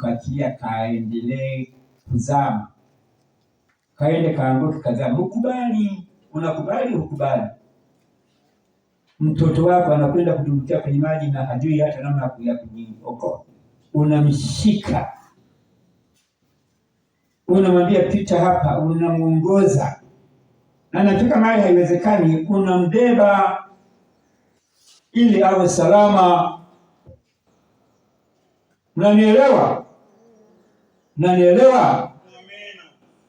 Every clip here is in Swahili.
kukatia kaendelee kuzama, kaende kaanguke, kazama. Ukubali, unakubali, ukubali. Mtoto wako anakwenda kutumbukia kwenye maji na hajui hata namna ya kujiokoa, unamshika, unamwambia pita hapa, unamuongoza na nafika mahali haiwezekani, unambeba ili awe salama. Mnanielewa? Mnanielewa?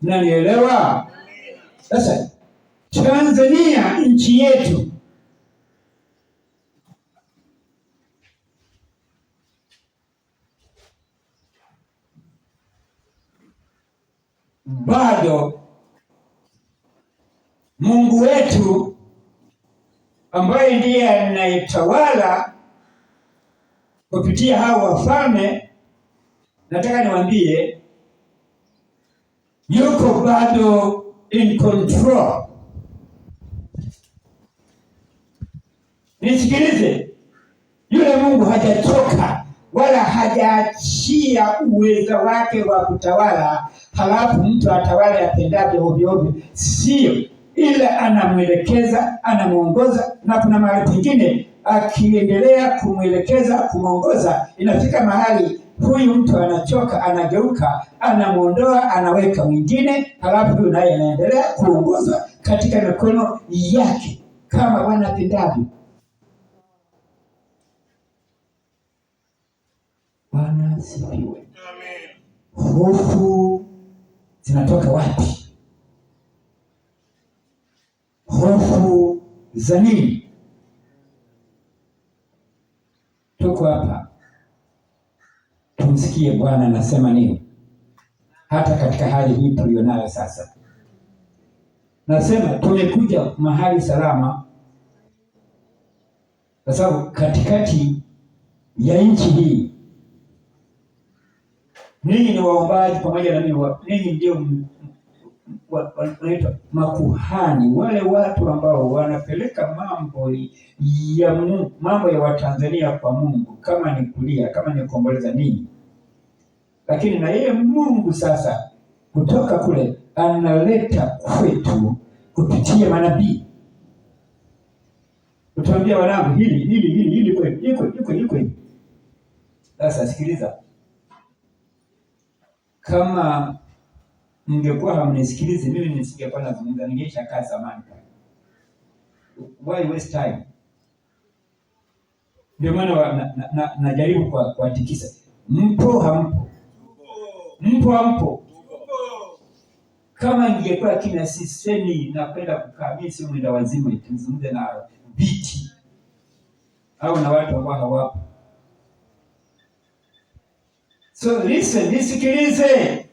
Mnanielewa? Sasa Tanzania nchi yetu bado Mungu wetu ambaye ndiye anayetawala kupitia hao wafalme. Nataka niwaambie yuko bado in control. Nisikilize, yule Mungu hajatoka wala hajaachia uweza wake wa kutawala, halafu mtu atawale atendaje ovyo ovyo. Sio, ila anamwelekeza, anamwongoza, na kuna mahali pengine akiendelea kumwelekeza, kumwongoza, inafika mahali huyu mtu anachoka, anageuka, anamwondoa, anaweka mwingine, halafu huyu naye anaendelea kuongozwa katika mikono yake kama wanapendavyo. Bwana asifiwe. Hofu zinatoka wapi? Hofu za nini? Tuko hapa tumsikie Bwana anasema nini, hata katika hali hii tuliyonayo sasa. Nasema tumekuja mahali salama, kwa sababu katikati ya nchi hii ninyi ni waombaji pamoja na mimi, ninyi ndio wanaitwa makuhani, wale watu ambao wanapeleka mambo ya Mungu, mambo ya Watanzania kwa Mungu, kama ni kulia, kama ni kuomboleza nini lakini na yeye Mungu sasa kutoka kule analeta kwetu kupitia manabii, utambia wanangu, hili hili hili hili iko iko iko. Sasa sikiliza, kama mngekuwa hamnisikilizi mimi nisingekuwa nazungumza, ningeisha kaa zamani. Why waste time? Ndio maana najaribu kuwatikisa, mpo hampo Mpo ampo kama ingekuwa kina sisemi napenda kukaa mimi, si mwenda wazimu, tuzungumze na biti au na watu ambao hawapo. So listen, nisikilize.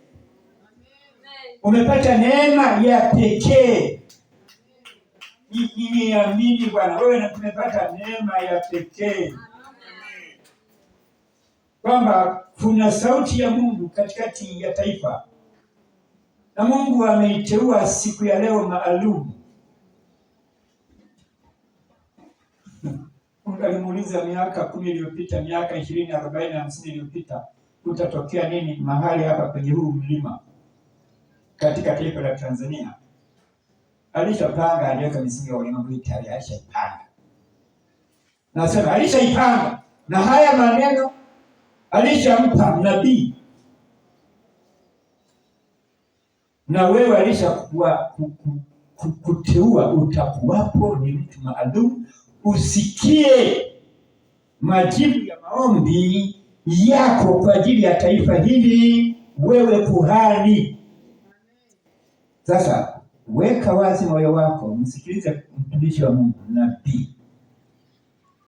Umepata neema ya pekee, niamini Bwana wewe, tumepata neema ya pekee kwamba kuna sauti ya Mungu katikati ya taifa, na Mungu ameiteua siku ya leo maalum. alimuuliza miaka kumi iliyopita, miaka ishirini, arobaini, hamsini iliyopita, utatokea nini mahali hapa kwenye huu mlima katika taifa la Tanzania? Alishapanga, aliweka misingi ya ulimwengu tayari, alishaipanga. Nasema alishaipanga, na haya maneno alishampa nabii na wewe alishakuwa kuteua, utakuwapo ni mtu maalum, usikie majibu ya maombi yako kwa ajili ya taifa hili, wewe kuhani. Sasa weka wazi moyo wako, msikilize mtumishi wa Mungu nabii